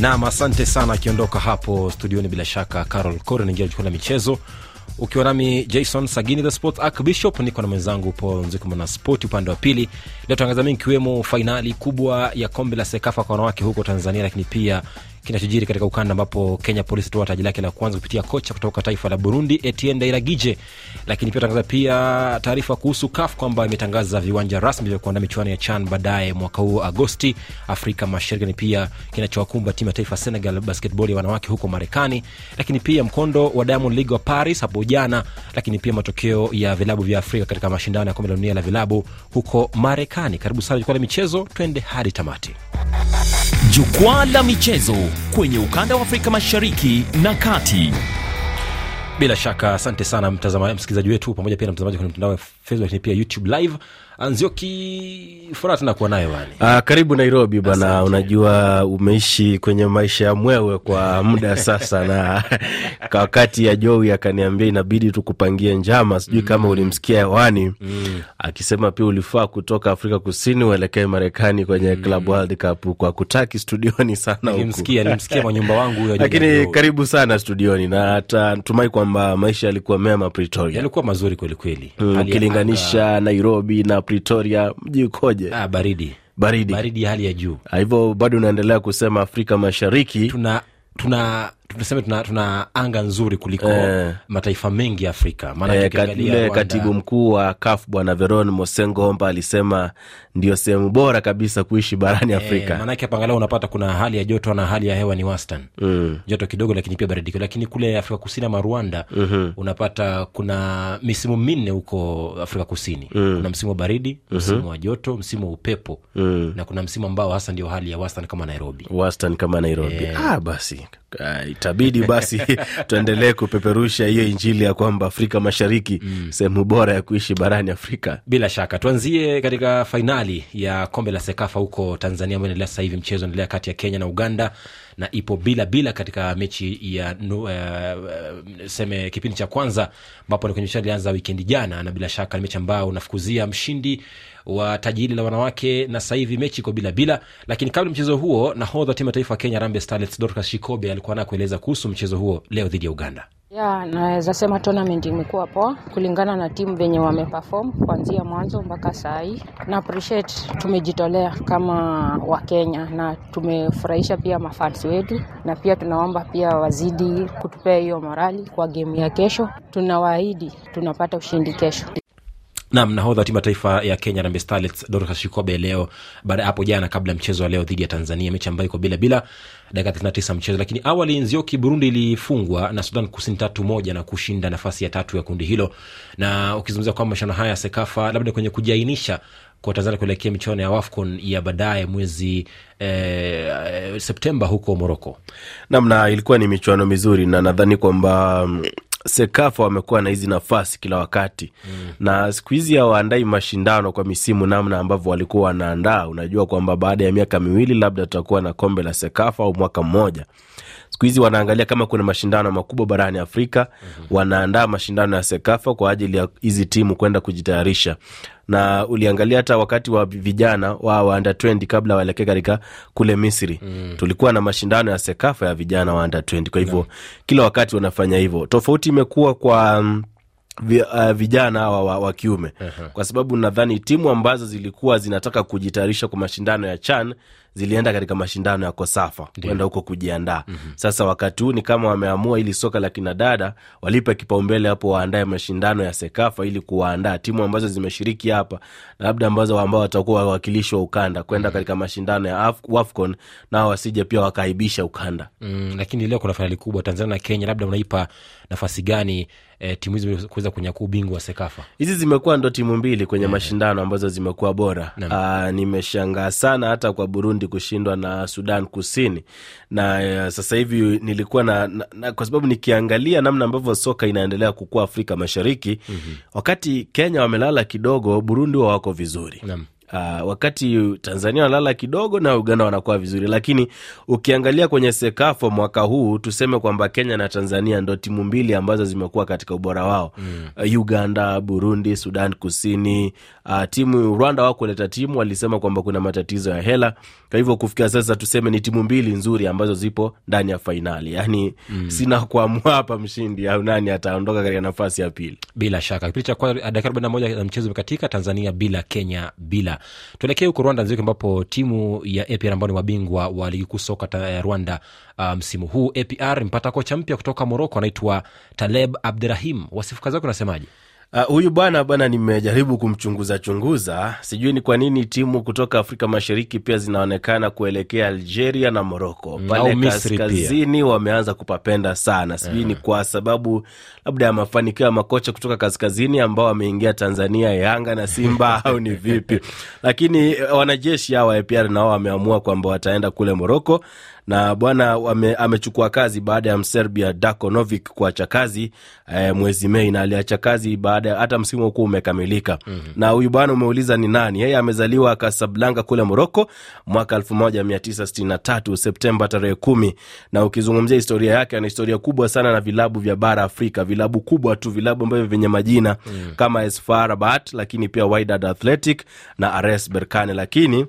Nam, asante sana. Akiondoka hapo studioni, bila shaka Carol Core naingia jukwaa la michezo, ukiwa nami Jason Sagini the Sports Archbishop, niko na mwenzangu Paul Nzikuma na spoti upande wa pili. Leo tuangaza mengi, ikiwemo fainali kubwa ya kombe la Sekafa kwa wanawake huko Tanzania, lakini pia kinachojiri katika ukanda ambapo Kenya polisi toa taji lake la kwanza kupitia kocha kutoka taifa la Burundi etien Dairagije. Lakini pia tangaza pia taarifa kuhusu kaf kwamba imetangaza viwanja rasmi vya kuandaa michuano ya CHAN baadaye mwaka huu Agosti Afrika Mashariki, ni pia kinachowakumba timu ya taifa Senegal basketball ya wanawake huko Marekani, lakini pia mkondo wa Diamond League wa Paris hapo jana, lakini pia matokeo ya vilabu vya Afrika katika mashindano ya kombe la dunia la vilabu huko Marekani. Karibu sana jukwa la michezo, twende hadi tamati. Jukwaa la michezo kwenye ukanda wa Afrika Mashariki na Kati. Bila shaka asante sana mtazamaji, msikilizaji wetu pamoja pia na mtazamaji kwenye mtandao Facebook, pia YouTube live. Anzioki, furaha tunakuwa nayo wani. Ah, karibu Nairobi bwana, unajua umeishi kwenye maisha ya mwewe kwa muda sasa na kwa wakati ya joi akaniambia inabidi tu tukupangie njama, sijui mm. kama ulimsikia hewani mm. akisema pia ulifaa kutoka Afrika Kusini uelekee Marekani kwenye mm. Club World Cup kwa kutaki studioni sana Nilimsikia, nilimsikia mwa wangu huyo. Lakini karibu sana studioni na tumai kwamba maisha yalikuwa mema Pretoria. Yalikuwa mazuri kwelikweli Mm, ukilinganisha ah. Nairobi na Pretoria, mji ukoje? Ah, baridi baridi baridi hali ya juu. Ah, hivyo bado unaendelea kusema Afrika Mashariki tuna tuna tuseme tuna, tuna anga nzuri kuliko eh, mataifa mengi Afrika. Maana eh, yule katibu mkuu wa kaf bwana Veron Mosengomba alisema ndio sehemu bora kabisa kuishi barani eh, Afrika. Maanake hapa angalau unapata kuna hali ya joto na hali ya hewa ni wastan mm, joto kidogo, lakini pia baridiko Lakini kule Afrika Kusini ama Rwanda mm-hmm, unapata kuna misimu minne huko Afrika Kusini mm, kuna msimu wa baridi mhm. msimu mm-hmm, wa joto, msimu wa upepo mm, na kuna msimu ambao hasa ndio hali ya wastan kama Nairobi, wastan kama Nairobi eh, ah, basi itabidi basi tuendelee kupeperusha hiyo injili ya kwamba Afrika Mashariki mm. sehemu bora ya kuishi barani Afrika. Bila shaka tuanzie katika fainali ya kombe la Sekafa huko Tanzania ambayo inaendelea sasa hivi, mchezo unaendelea kati ya Kenya na Uganda na ipo bila bila katika mechi ya uh, seme kipindi cha kwanza ambapo ni kwenye alianza wikendi jana, na bila shaka ni mechi ambayo unafukuzia mshindi wa tajiri la wanawake, na sasa hivi mechi iko bila bila. Lakini kabla mchezo huo, nahodha timu ya taifa ya Kenya rambe Starlets Dorcas Shikobe alikuwa na kueleza kuhusu mchezo huo leo dhidi ya Uganda. Ya, naweza sema tournament imekuwa poa kulingana na timu venye wameperform kuanzia mwanzo mpaka saa na appreciate tumejitolea kama Wakenya na tumefurahisha pia mafans wetu, na pia tunaomba pia wazidi kutupea hiyo morali kwa gemu ya kesho. Tunawaahidi tunapata ushindi kesho. Nam, nahodha wa timu ya taifa ya Kenya Harambee stalet Dorcas shikobe leo baada ya hapo jana, kabla mchezo wa leo dhidi ya Tanzania, mechi ambayo iko bila bila, dakika 39 mchezo. Lakini awali Nzioki, Burundi ilifungwa na Sudan Kusini tatu moja na kushinda nafasi ya tatu ya kundi hilo, na ukizungumzia kwamba mashano haya Sekafa labda kwenye kujiainisha kwa Tanzania kuelekea michuano ya WAFCON ya baadaye mwezi eh, Septemba huko Moroko. Namna ilikuwa ni michuano mizuri na nadhani kwamba Sekafa wamekuwa na hizi nafasi kila wakati mm. na siku hizi hawaandai mashindano kwa misimu namna ambavyo walikuwa wanaandaa. Unajua kwamba baada ya miaka miwili labda tutakuwa na kombe la Sekafa au mwaka mmoja siku hizi wanaangalia kama kuna mashindano makubwa barani Afrika mm -hmm. wanaandaa mashindano ya Sekafa kwa ajili ya hizi timu kwenda kujitayarisha na uliangalia hata wakati wa vijana wa, wa under 20 kabla waelekee katika kule Misri mm. tulikuwa na mashindano ya Sekafa ya vijana wa under 20 kwa hivyo no. kila wakati wanafanya hivyo. Tofauti imekuwa kwa um, vijana hawa wa, wa kiume uh -huh. kwa sababu nadhani timu ambazo zilikuwa zinataka kujitayarisha kwa mashindano ya CHAN uh -huh zilienda katika mashindano ya Kosafa kwenda huko kujiandaa. Mm-hmm. Sasa wakati huu ni kama wameamua ili soka la kinadada walipe kipaumbele hapo, waandae mashindano ya Sekafa ili kuwaandaa timu ambazo zimeshiriki hapa, labda ambazo ambao watakuwa wawakilishi wa ukanda kwenda mm-hmm. katika mashindano ya Af- Wafcon, nao wasije pia wakaibisha ukanda mm, lakini leo kuna fainali kubwa Tanzania na Kenya, labda unaipa nafasi gani eh, timu hizi kuweza kunyakua ubingwa wa Sekafa. Hizi zimekuwa ndo timu mbili kwenye yeah. mashindano ambazo zimekuwa bora. Uh, nimeshangaa sana hata kwa Burundi kushindwa na Sudan Kusini na uh, sasa hivi nilikuwa na, na, na kwa sababu nikiangalia namna ambavyo soka inaendelea kukua Afrika Mashariki mm-hmm. wakati Kenya wamelala kidogo, Burundi wa wako vizuri Naam uh, wakati Tanzania wanalala kidogo na Uganda wanakuwa vizuri, lakini ukiangalia kwenye sekafo mwaka huu tuseme kwamba Kenya na Tanzania ndo timu mbili ambazo zimekuwa katika ubora wao mm. Uh, Uganda, Burundi, Sudan Kusini, uh, timu Rwanda wakuleta timu walisema kwamba kuna matatizo ya hela, kwa hivyo kufikia sasa tuseme ni timu mbili nzuri ambazo zipo ndani ya fainali, yani mm. sina kuamua hapa mshindi au nani ataondoka katika nafasi ya pili. Bila shaka kipindi cha kwanza dakika 41 za mchezo imekatika, Tanzania bila, Kenya bila Tuelekee huko Rwanda nziki, ambapo timu ya APR ambao ni wabingwa wa ligi kuu soka ya eh, Rwanda ah, msimu um, huu APR mpata kocha mpya kutoka Moroko anaitwa Taleb Abderahim. Wasifukazi wake unasemaji Uh, huyu bwana bwana, nimejaribu kumchunguza chunguza, sijui ni kwa nini timu kutoka Afrika Mashariki pia zinaonekana kuelekea Algeria na Moroko mm, pale kaskazini, wameanza kupapenda sana, sijui uh -huh. ni eh. kwa sababu labda ya mafanikio ya makocha kutoka kaskazini ambao wameingia Tanzania, Yanga na Simba au ni vipi, lakini eh, wanajeshi hawa APR nao wameamua kwamba wataenda kule Moroko na bwana amechukua kazi baada ya Mserbia Dako Novik kuacha kazi e, mwezi Mei na aliacha kazi baada ya hata msimu hukuwa umekamilika. Mm-hmm. Na huyu bwana umeuliza ni nani? Yeye amezaliwa Kasablanka kule Moroko mwaka 1963 Septemba tarehe kumi, na ukizungumzia historia yake, ana historia kubwa sana na vilabu vya bara Afrika, vilabu kubwa tu, vilabu ambavyo vyenye majina mm-hmm. kama AS Rabat, lakini pia Wydad Athletic na RS Berkane lakini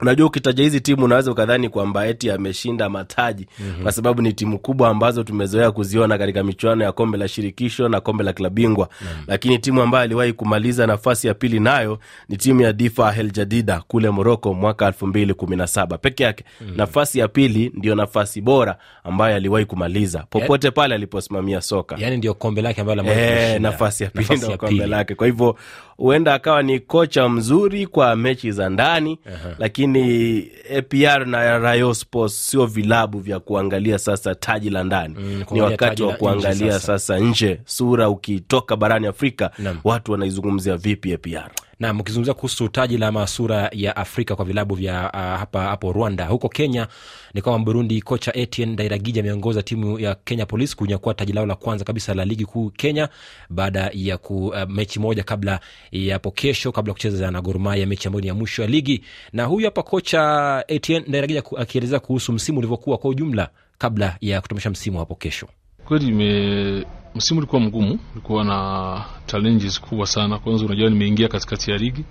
Unajua, ukitaja hizi timu unaweza ukadhani kwamba eti ameshinda mataji mm-hmm. kwa sababu ni timu kubwa ambazo tumezoea kuziona katika michuano ya kombe la shirikisho na kombe la klabingwa mm-hmm. Lakini timu ambayo aliwahi kumaliza nafasi ya pili nayo ni timu ya Difa El Jadida kule Moroko mwaka elfu mbili kumi na saba peke yake mm-hmm. Nafasi ya pili ndio nafasi bora ambayo aliwahi kumaliza popote yeah. pale aliposimamia soka yani ndio kombe lake ambayo e, eh, nafasi ya pili ndio kombe lake. Kwa hivyo huenda akawa ni kocha mzuri kwa mechi za ndani uh-huh. lakini lakini APR na Rayo Sports sio vilabu vya kuangalia sasa taji la ndani mm, ni wakati wa kuangalia sasa, sasa nje sura ukitoka barani Afrika Nam. watu wanaizungumzia vipi APR na mkizungumzia kuhusu taji la masura ya Afrika kwa vilabu vya uh, hapa hapo Rwanda, huko Kenya ni kwamba Burundi, kocha Etienne Dairagije ameongoza timu ya Kenya Police kunyakua taji lao la kwanza kabisa la ligi kuu Kenya baada ya ku, uh, mechi moja kabla yapo kesho, kabla kucheza na Gor Mahia, mechi ambayo ni ya mwisho ya ligi. Na huyu hapa kocha Etienne Dairagije akielezea kuhusu msimu ulivyokuwa kwa ujumla kabla ya kutomisha msimu hapo kesho. Kweli ime msimu ulikuwa mgumu, ulikuwa na challenges kubwa sana. Kwanza unajua, nimeingia katikati ya ligi,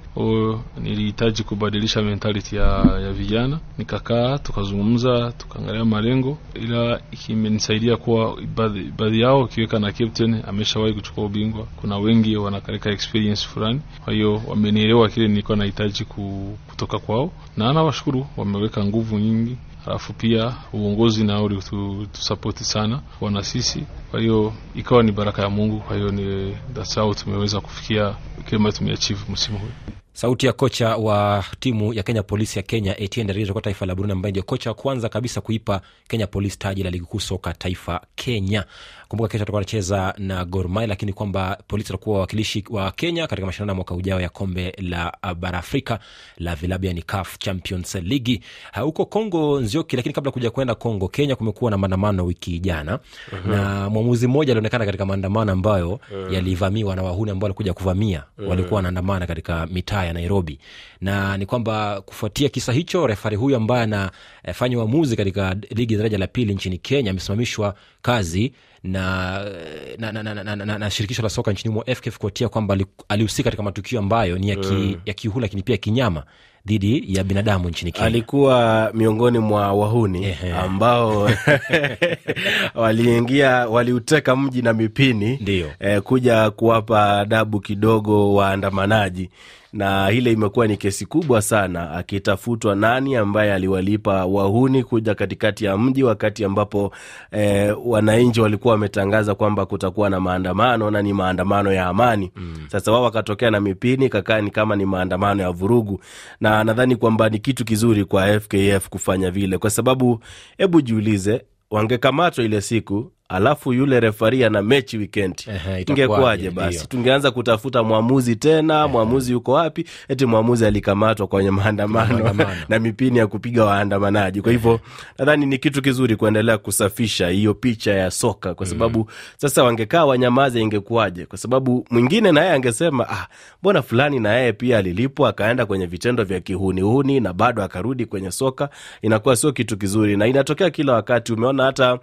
nilihitaji kubadilisha mentality ya, ya vijana. Nikakaa tukazungumza, tukaangalia malengo, ila imenisaidia kuwa baadhi yao ikiweka na captain ameshawahi kuchukua ubingwa, kuna wengi wanakaleka experience fulani, kwa hiyo wamenielewa kile nilikuwa nahitaji kutoka kwao, na nawashukuru, wameweka nguvu nyingi alafu pia uongozi nao ulitusapoti sana wana sisi, kwa hiyo ikawa ni baraka ya Mungu. Kwa hiyo ni that's how tumeweza kufikia kile ambacho tumeachieve msimu huu. Sauti ya kocha wa timu ya Kenya Polisi ya Kenya Etienne kwa taifa la Burundi, ambaye ndio kocha wa kwanza kabisa kuipa Kenya Polisi taji la ligi kuu soka taifa Kenya. Kumbuka kesho atakuwa anacheza na gormai lakini kwamba polisi atakuwa wawakilishi wa Kenya katika mashindano ya mwaka ujao ya kombe la uh, bara Afrika la vilabu, yani CAF Champions League uh, huko congo Nzioki. Lakini kabla kuja kwenda congo Kenya kumekuwa na maandamano wiki jana mm-hmm. na mwamuzi mmoja alionekana katika maandamano ambayo mm-hmm. yalivamiwa na wahuni ambao walikuja kuvamia mm-hmm. walikuwa wanaandamana katika mitaa ya Nairobi, na ni kwamba kufuatia kisa hicho refari huyu ambaye anafanya eh, uamuzi katika ligi daraja la pili nchini Kenya amesimamishwa kazi na, na, na, na, na, na, na shirikisho la soka nchini humo FKF kuatia kwamba alihusika katika matukio ambayo ni ya, ki, mm. ya lakini pia ya kinyama dhidi ya binadamu nchini Kenya. Alikuwa miongoni mwa wahuni Ehe. ambao waliingia waliuteka mji na mipini ndio Eh, kuja kuwapa adabu kidogo waandamanaji na ile imekuwa ni kesi kubwa sana, akitafutwa nani ambaye aliwalipa wahuni kuja katikati ya mji wakati ambapo e, wananchi walikuwa wametangaza kwamba kutakuwa na maandamano na ni maandamano ya amani mm. Sasa wao wakatokea na mipini, kakaa ni kama ni maandamano ya vurugu na nadhani kwamba ni kitu kizuri kwa FKF kufanya vile, kwa sababu hebu jiulize, wangekamatwa ile siku alafu yule refari ana mechi wikendi, ingekuwaje? Basi tungeanza kutafuta mwamuzi tena, Ehe, mwamuzi yuko wapi? Eti mwamuzi alikamatwa kwenye maandamano na mipini ya kupiga waandamanaji. Kwa hivyo nadhani ni kitu kizuri kuendelea kusafisha hiyo picha ya soka, kwa sababu mm, sasa wangekaa wanyamaze, ingekuwaje? Kwa sababu mwingine naye angesema ah, mbona fulani na pia alilipwa akaenda kwenye vitendo vya kihunihuni na bado akarudi kwenye soka. Inakuwa sio kitu kizuri, na inatokea kila wakati. Umeona hata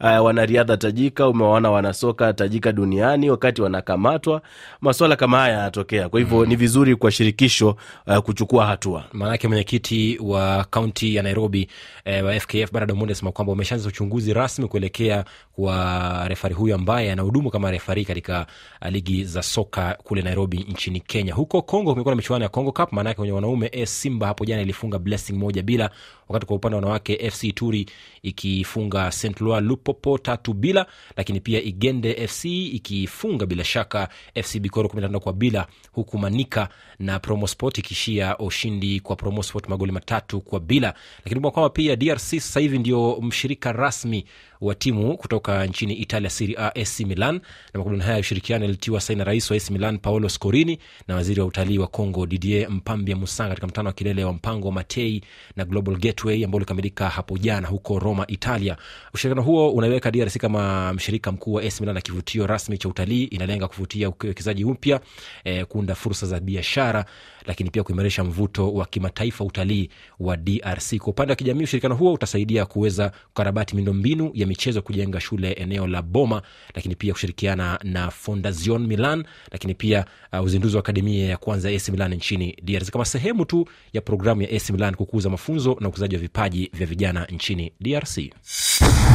uh, wanariadha tajika, umewaona wanasoka tajika duniani wakati wanakamatwa, maswala kama haya yanatokea. Kwa hivyo mm. ni vizuri kwa shirikisho uh, kuchukua hatua. Maanake mwenyekiti wa kaunti ya Nairobi eh, wa FKF Bernard Omondi asema kwamba wameshaanza uchunguzi rasmi kuelekea kwa refari huyu ambaye anahudumu kama refari katika uh, ligi za soka kule Nairobi nchini Kenya. Huko congo kumekuwa na michuano ya congo Cup, maanaake kwenye wanaume e Simba hapo jana ilifunga Blessing moja bila, wakati kwa upande wa wanawake FC turi ikifunga St Loi Lupopo tatu bila, lakini pia Igende FC ikifunga bila shaka FC Bikoro kumi na kwa bila, huku Manika na Promosport ikishia ushindi kwa Promosport magoli matatu kwa bila. Lakini kwamba pia DRC sasa hivi ndio mshirika rasmi wa timu kutoka nchini Italia, Serie A, AC Milan. Na makubaliano haya ya ushirikiano yalitiwa saini na rais wa AC Milan Paolo Scorini na waziri wa utalii wa Congo Didier Mpambia Musanga katika mkutano wa kilele wa mpango wa Matei na Global Gateway ambao ulikamilika hapo jana huko Roma, Italia. Ushirikiano huo unaiweka DRC kama mshirika mkuu wa AC Milan na kivutio rasmi cha utalii. Inalenga kuvutia uwekezaji upya, eh, kuunda fursa za biashara lakini pia kuimarisha mvuto wa kimataifa utalii wa DRC. Kwa upande wa kijamii, ushirikiano huo utasaidia kuweza kukarabati miundombinu ya michezo, kujenga shule eneo la Boma, lakini pia kushirikiana na Fondazion Milan, lakini pia uh, uzinduzi wa akademia ya kwanza ya AC Milan nchini DRC kama sehemu tu ya programu ya AC Milan kukuza mafunzo na ukuzaji wa vipaji vya vijana nchini DRC.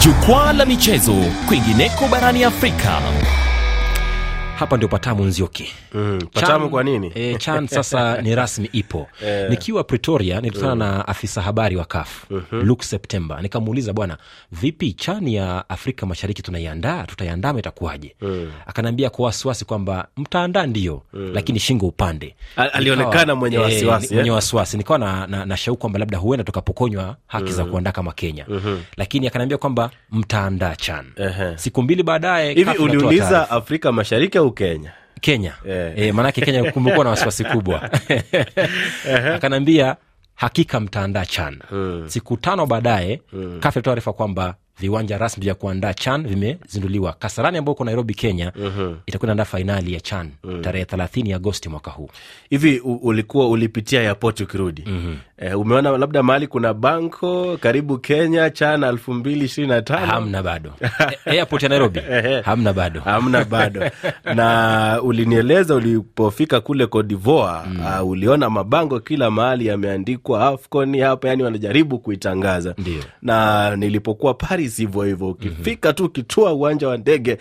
Jukwaa la michezo kwingineko barani Afrika hapa ndio patamu nzioki mm, patamu chan, kwa nini e, chan sasa ni rasmi ipo yeah. nikiwa pretoria nilikutana mm. na afisa habari wa kaf mm-hmm. luk septemba nikamuuliza bwana vipi chan ya afrika mashariki tunaiandaa tutaiandama itakuwaje mm. akanaambia kwa wasiwasi kwamba mtaandaa ndio mm. lakini shingo upande alionekana mwenye eh, wasiwasi mwenye eh? wasiwasi nikawa na, na, na shauku kwamba labda huenda tukapokonywa haki mm. za kuandaa kama kenya mm-hmm. lakini akanaambia kwamba mtaandaa chan uh-huh. siku mbili baadaye hivi uliuliza afrika mashariki au kenya kenya yeah. e, eh, maanake kenya kumekuwa na wasiwasi kubwa akanaambia hakika mtaandaa chan hmm. siku tano baadaye hmm. kafe taarifa kwamba viwanja rasmi vya kuandaa CHAN vimezinduliwa Kasarani ambao uko Nairobi, Kenya. mm-hmm. itakuwa inaandaa fainali ya CHAN mm-hmm. tarehe thelathini Agosti mwaka huu. Hivi ulikuwa ulipitia yapot ukirudi? mm-hmm. E, umeona labda mahali kuna banko karibu Kenya CHAN elfu mbili ishirini na tano? Hamna bado eh, airpot ya Nairobi hamna bado hamna bado. Na ulinieleza ulipofika kule codivoa mm. uh, uliona mabango kila mahali yameandikwa AFCON hapa, yani wanajaribu kuitangaza. Ndiyo. na nilipokuwa Paris unahisi hivyo hivyo. Ukifika mm -hmm. tu ukitua uwanja wa ndege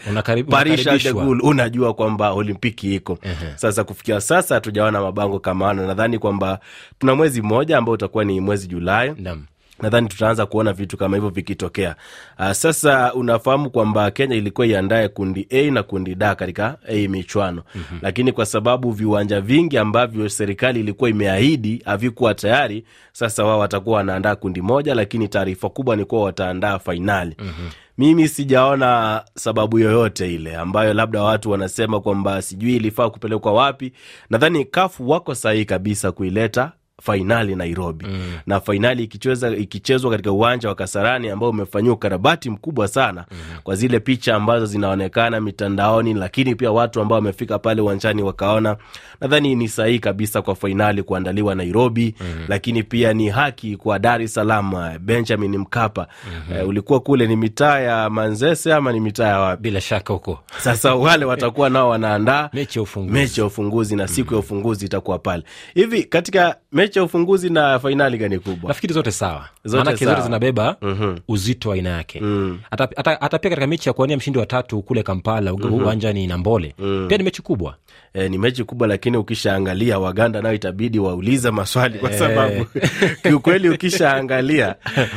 Paris de Gaulle, unajua kwamba Olimpiki iko mm -hmm. Sasa kufikia sasa hatujaona mabango kama ana, nadhani kwamba tuna mwezi mmoja ambao utakuwa ni mwezi Julai Nam nadhani tutaanza kuona vitu kama hivyo vikitokea. Uh, sasa unafahamu kwamba Kenya ilikuwa iandae kundi A na kundi D katika A michuano mm-hmm. Lakini kwa sababu viwanja vingi ambavyo serikali ilikuwa imeahidi havikuwa tayari, sasa wao watakuwa wanaandaa kundi moja, lakini taarifa kubwa ni kuwa wataandaa fainali mm-hmm mimi sijaona sababu yoyote ile ambayo labda watu wanasema kwamba sijui ilifaa kupelekwa wapi. Nadhani kafu wako sahihi kabisa kuileta fainali Nairobi mm. na fainali ikicheza, ikichezwa katika uwanja wa Kasarani ambao umefanyiwa ukarabati mkubwa sana mm. kwa zile picha ambazo zinaonekana mitandaoni, lakini pia watu ambao wamefika pale uwanjani wakaona. Nadhani ni sahihi kabisa kwa fainali kuandaliwa Nairobi mm. lakini pia ni haki kwa Dar es Salaam, eh, Benjamin Mkapa mm -hmm. uh, ulikuwa kule, ni mitaa ya Manzese ama ni mitaa ya Bila shaka huko sasa wale watakuwa nao wanaandaa mechi ya ufunguzi, mechi ya ufunguzi na siku mm. ya mm-hmm. ufunguzi itakuwa pale hivi katika mechi mechi ya ufunguzi na fainali gani kubwa? Nafikiri zote sawa, maanake zote zinabeba mm-hmm. uzito wa aina yake hata mm. pia katika mechi ya kuania mshindi wa tatu kule Kampala mhm. uwanjani mm-hmm. Nambole mm. pia ni mechi kubwa e, ni mechi kubwa, lakini ukishaangalia Waganda nao itabidi wauliza maswali kwa eh. sababu kiukweli ukishaangalia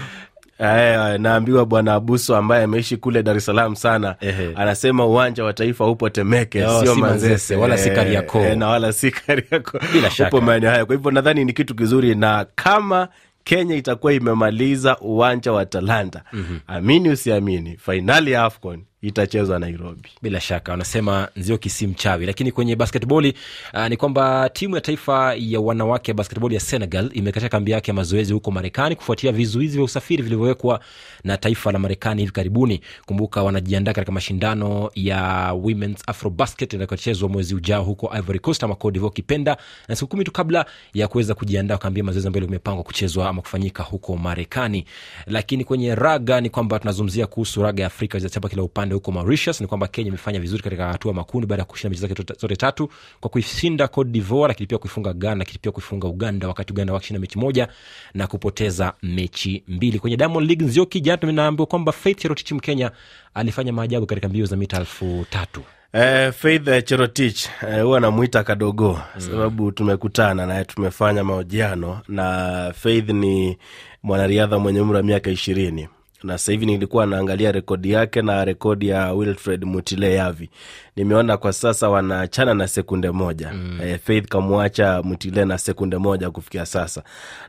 naambiwa bwana Abuso ambaye ameishi kule Dar es Salaam sana Ehe. anasema uwanja wa taifa upo Temeke sio Manzese wala si eh, Kariakoo eh, na wala si Kariakoo, upo maeneo haya. Kwa hivyo nadhani ni kitu kizuri, na kama Kenya itakuwa imemaliza uwanja wa Talanta mm -hmm. amini usiamini, fainali ya AFCON itachezwa Nairobi bila shaka. Wanasema Nzioki si mchawi, lakini kwenye basketboli uh, ah, ni kwamba timu ya taifa ya wanawake ya basketboli ya Senegal imekatisha kambi yake ya mazoezi huko Marekani kufuatia vizuizi vya usafiri vilivyowekwa na taifa la Marekani hivi karibuni. Kumbuka wanajiandaa katika mashindano ya Women's Afrobasket yatakayochezwa mwezi ujao huko Ivory Coast ama Cote d'Ivoire kipenda, na siku kumi tu kabla ya kuweza kujiandaa kambi ya mazoezi ambayo imepangwa kuchezwa ama kufanyika huko Marekani. Lakini kwenye raga ni kwamba tunazungumzia kuhusu raga ya Afrika, zitachapa kila upande upande huko Mauritius ni kwamba Kenya imefanya vizuri katika hatua makundi baada ya kushinda mechi zake tota-, zote tatu kwa kuishinda Cote d'Ivoire, lakini pia kuifunga Ghana, lakini pia kuifunga Uganda, wakati Uganda wakishinda mechi moja na kupoteza mechi mbili. Kwenye Diamond League Nzioki, jana tumeambiwa kwamba Faith Cherotich Mkenya alifanya maajabu katika mbio za mita elfu tatu. Eh, Faith Cherotich eh, huwa anamwita kadogo mm, sababu tumekutana naye tumefanya mahojiano na Faith ni mwanariadha mwenye umri wa miaka ishirini na sahivi nilikuwa naangalia rekodi yake na rekodi ya Wilfred Mutile Yavi nimeona kwa sasa wanaachana na sekunde moja mm. e, Faith kamwacha Mutile na sekunde moja kufikia sasa,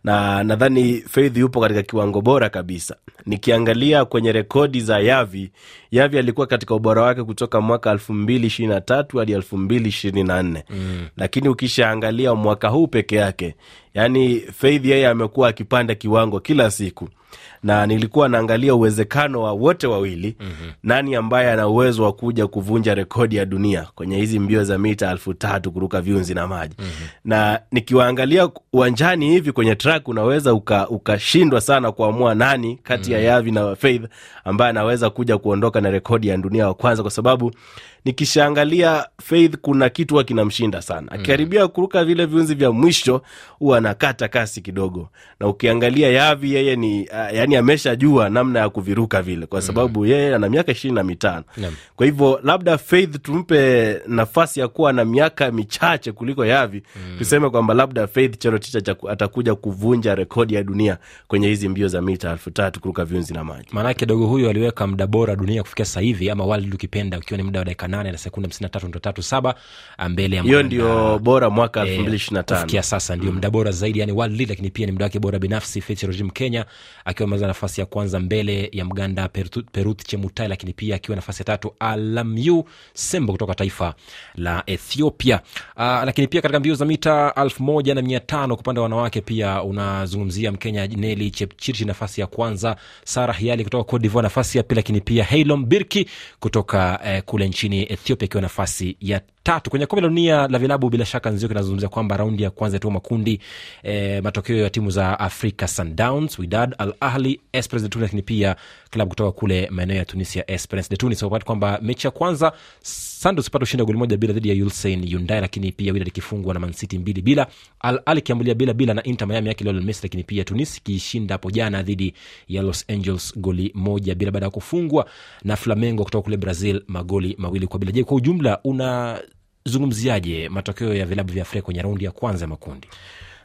na nadhani Faith yupo katika kiwango bora kabisa. Nikiangalia kwenye rekodi za Yavi, Yavi alikuwa katika ubora wake kutoka mwaka elfu mbili ishirini na tatu hadi elfu mbili ishirini na nne mm. lakini ukishaangalia mwaka huu peke yake yaani Faith yeye amekuwa akipanda kiwango kila siku na nilikuwa naangalia uwezekano wa wote wawili mm-hmm. nani ambaye ana uwezo wa kuja kuvunja rekodi rekodi ya dunia kwenye hizi mbio za mita elfu tatu kuruka viunzi na maji mm-hmm. na nikiwaangalia uwanjani hivi kwenye track unaweza ukashindwa uka sana kuamua nani kati mm-hmm. ya mm. Yavi na Faith ambaye anaweza kuja kuondoka na rekodi ya dunia wa kwanza kwa sababu nikishaangalia Faith kuna kitu huwa kinamshinda sana, mm. akikaribia kuruka vile viunzi vya mwisho huwa anakata kasi kidogo, na ukiangalia Yavi yeye ni uh, yani ameshajua namna ya kuviruka vile, kwa mm. sababu yeye ana miaka ishirini na mitano yeah. Kwa hivyo labda Faith tumpe nafasi ya kuwa na miaka michache kuliko Yavi mm. Tuseme kwamba labda Faith Cherotich atakuja kuvunja rekodi ya dunia kwenye hizi mbio za mita elfu tatu kuruka viunzi na maji, maanake dogo huyu aliweka mda bora dunia kufikia sasa hivi, ama world ukipenda, ukiwa ni mda wa dakika nane na sekunde hamsini na tatu nukta tatu saba ah, mbele ndio bora mwaka elfu mbili ishirini na sasa ndio mm. mda bora zaidi yani world lead, lakini pia ni mda wake bora binafsi akiwa nafasi ya kwanza mbele ya Mganda Chemutai, lakini pia akiwa nafasi ya tatu Sembo kutoka taifa la Ethiopia. Uh, lakini pia katika mbio za mita elfu moja na mia tano kwa upande wa wanawake pia unazungumzia Mkenya Neli nafasi ya kwanza, Sara Hiali kutoka Cote nafasi ya pili, lakini pia Heilom Birki kutoka eh, kule nchini Ethiopia ikiwa nafasi ya tatu kwenye kombe la dunia la vilabu, bila shaka nzio kinazungumzia kwamba raundi ya kwanza itoa makundi eh, matokeo ya timu za Africa Sundowns, Wydad, Al Ahli, Esperance de Tunis, lakini pia klabu kutoka kule maeneo ya Tunisia, Esperance de Tunis wapati kwamba mechi ya kwanza Santos ipata ushindi wa goli moja bila dhidi ya ulsain Hyundai, lakini pia Wydad ikifungwa na Man City mbili bila, Al Ahli ikiambulia bila bila na Inter Miami yake Lionel Messi, lakini pia Tunis ikiishinda hapo jana dhidi ya Los Angeles goli moja bila baada ya kufungwa na Flamengo kutoka kule Brazil magoli mawili kwa bila. Je, kwa ujumla una unazungumziaje matokeo ya vilabu vya Afrika kwenye raundi ya kwanza ya makundi?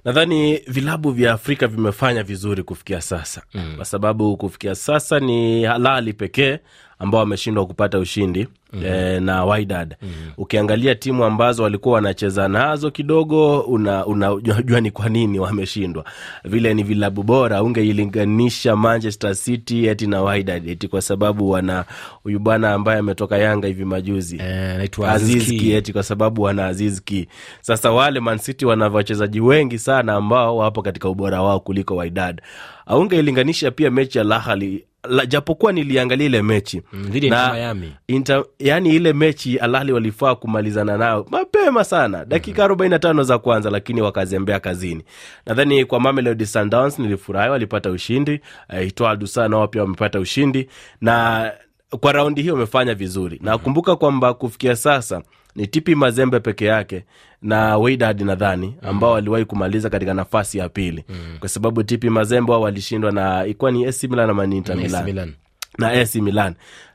Nadhani vilabu vya Afrika vimefanya vizuri kufikia sasa mm. kwa sababu kufikia sasa ni halali pekee ambao wameshindwa kupata ushindi mm -hmm. e, na Wydad mm -hmm. Ukiangalia timu ambazo walikuwa wanacheza nazo kidogo, unajua una, una ni kwa nini wameshindwa. Vile ni vilabu bora, ungeilinganisha Manchester City eti na Wydad eti kwa sababu wana huyu bwana ambaye ametoka Yanga hivi majuzi eh, Azizki eti kwa sababu wana Azizki. Sasa wale mancity wana wachezaji wengi sana ambao wapo katika ubora wao kuliko Wydad aungeilinganisha pia mechi ya Lahali la, japokuwa niliangalia ile mechi mm, na, inter, yani ile mechi alali walifaa kumalizana nao mapema sana dakika mhm. arobaini na tano za kwanza, lakini wakazembea kazini. Nadhani kwa Mamelodi Sundowns nilifurahi, walipata ushindi. Uh, Etoile du nao pia wamepata ushindi na kwa raundi hii wamefanya vizuri. Mhm. Nakumbuka kwamba kufikia sasa ni tipi mazembe peke yake na Wydad nadhani ambao waliwahi kumaliza katika nafasi ya pili mm. kwa sababu tipi mazembe ao walishindwa na ikuwa ni s Milan ama ninta Inter Milan. Milan na s Milan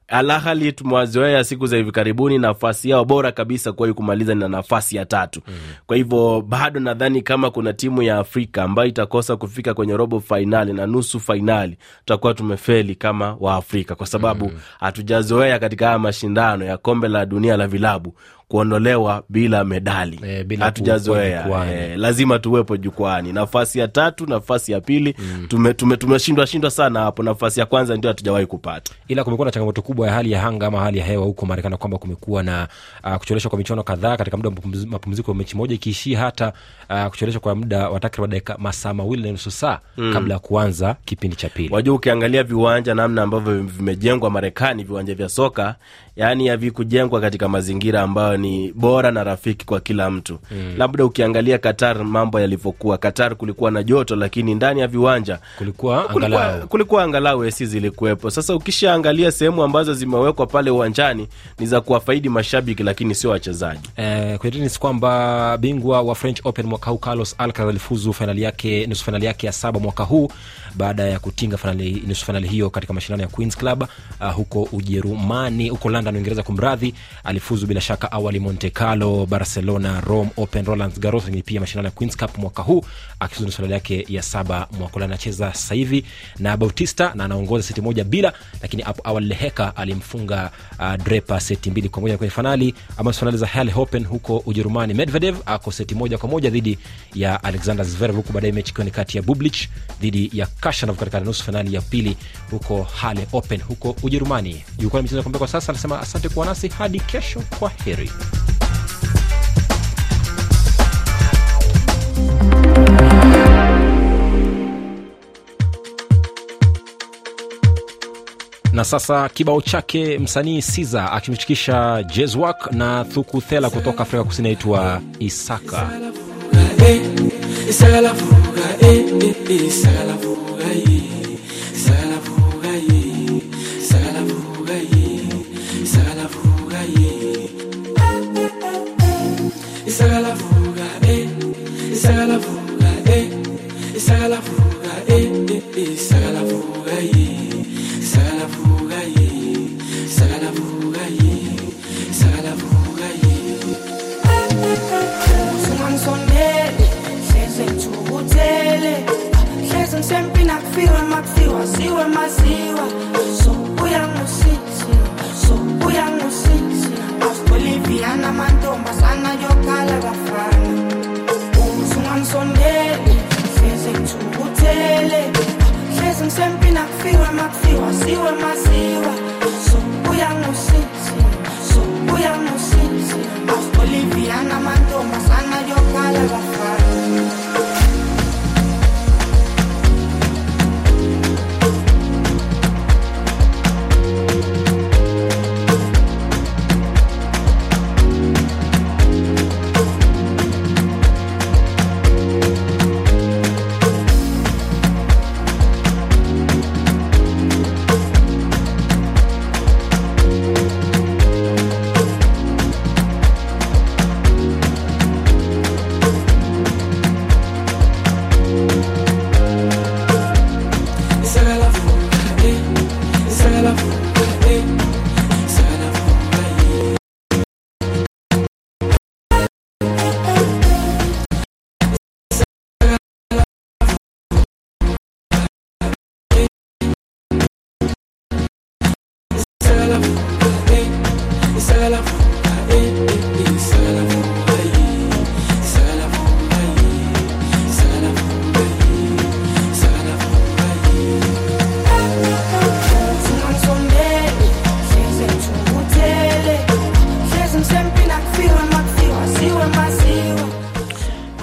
Alahali tumewazoea siku za hivi karibuni, nafasi yao bora kabisa kuwahi kumaliza na nafasi ya tatu. mm -hmm. Kwa hivyo bado nadhani kama kuna timu ya Afrika ambayo itakosa kufika kwenye robo fainali na nusu fainali, tutakuwa tumefeli kama Waafrika, kwa sababu mm. hatujazoea mm -hmm. katika haya mashindano ya kombe la dunia la vilabu kuondolewa bila medali eh, hatujazoea e, e, lazima tuwepo jukwani. Nafasi ya tatu, nafasi ya pili mm. tumeshindwa tume, tume shindwa sana hapo. Nafasi ya kwanza ndio hatujawahi kupata, ila kumekuwa na changamoto kubwa ya hali ya hanga ama hali ya hewa huko Marekani kwamba kumekuwa na uh, ah, kucholeshwa kwa michuano kadhaa katika muda wa mapumziko ya mechi moja ikiishia hata uh, ah, kucholeshwa kwa muda wa takriban dakika masaa mawili na nusu saa mm. kabla ya kuanza kipindi cha pili. Wajua, ukiangalia viwanja namna ambavyo vimejengwa Marekani, viwanja vya soka yani havikujengwa katika mazingira ambayo kuwa ni bora na rafiki kwa kila mtu mm. Labda ukiangalia Qatar mambo yalivyokuwa, Qatar kulikuwa na joto, lakini ndani ya viwanja kulikuwa, angalau, kulikuwa angalau AC zilikuwepo. Sasa ukishaangalia sehemu ambazo zimewekwa pale uwanjani ni za kuwafaidi mashabiki, lakini sio wachezaji. Eh, kutenis kwamba bingwa wa French Open mwaka huu Carlos Alcaraz alifuzu fainali yake, nusu fainali yake ya saba mwaka huu baada ya kutinga fainali, nusu fainali hiyo katika mashindano ya Queens Club uh, huko Ujerumani, huko London, Uingereza, kumradhi. Alifuzu bila shaka awali Monte Carlo, Barcelona, Rome Open, Roland Garros, lakini pia mashindano ya Queens Cup mwaka huu akifuzu suala yake ya saba mwaka ule. Anacheza sasa hivi na Bautista na anaongoza seti moja bila, lakini hapo awali leheka alimfunga uh, drepa seti mbili kwa moja kwenye fainali ama fainali za Halle Open huko Ujerumani. Medvedev ako seti moja kwa moja dhidi ya Alexander Zverev, huku baadaye mechi ikiwa ni kati ya Bublich dhidi ya Kashanov katika nusu fainali ya pili huko hale Open huko Ujerumani. Jukwaa na michezo ya kwa sasa anasema asante kuwa nasi hadi kesho, kwa heri na sasa kibao chake msanii Siza akimshirikisha Jezwak na Thukuthela kutoka Afrika Kusini aitwa Isaka. Isaka fuga, eh, eh, eh fuga, eh.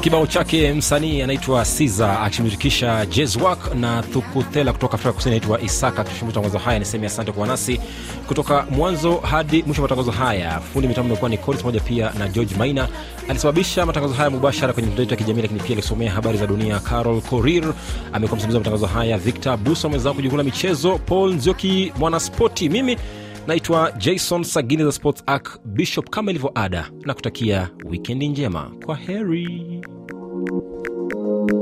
Kibao chake msanii anaitwa Siza akishimirikisha Jezwak na thukuthela kutoka Afrika Kusini anaitwa Isaka. Akishumia matangazo haya ya asante kuwa nasi kutoka mwanzo hadi mwisho wa matangazo haya. Fundi mitambo imekuwa ni Koris pamoja pia na George Maina alisababisha matangazo haya mubashara kwenye mtandao wetu ya kijamii, lakini pia alisomea habari za dunia. Carol Korir amekuwa msimamizi wa matangazo haya, Victor Buso mwenzao kujukula michezo, Paul Nzioki mwanaspoti, mimi naitwa jason sagini za sports arc bishop kama ilivyo ada na kutakia wikendi njema kwa heri thank you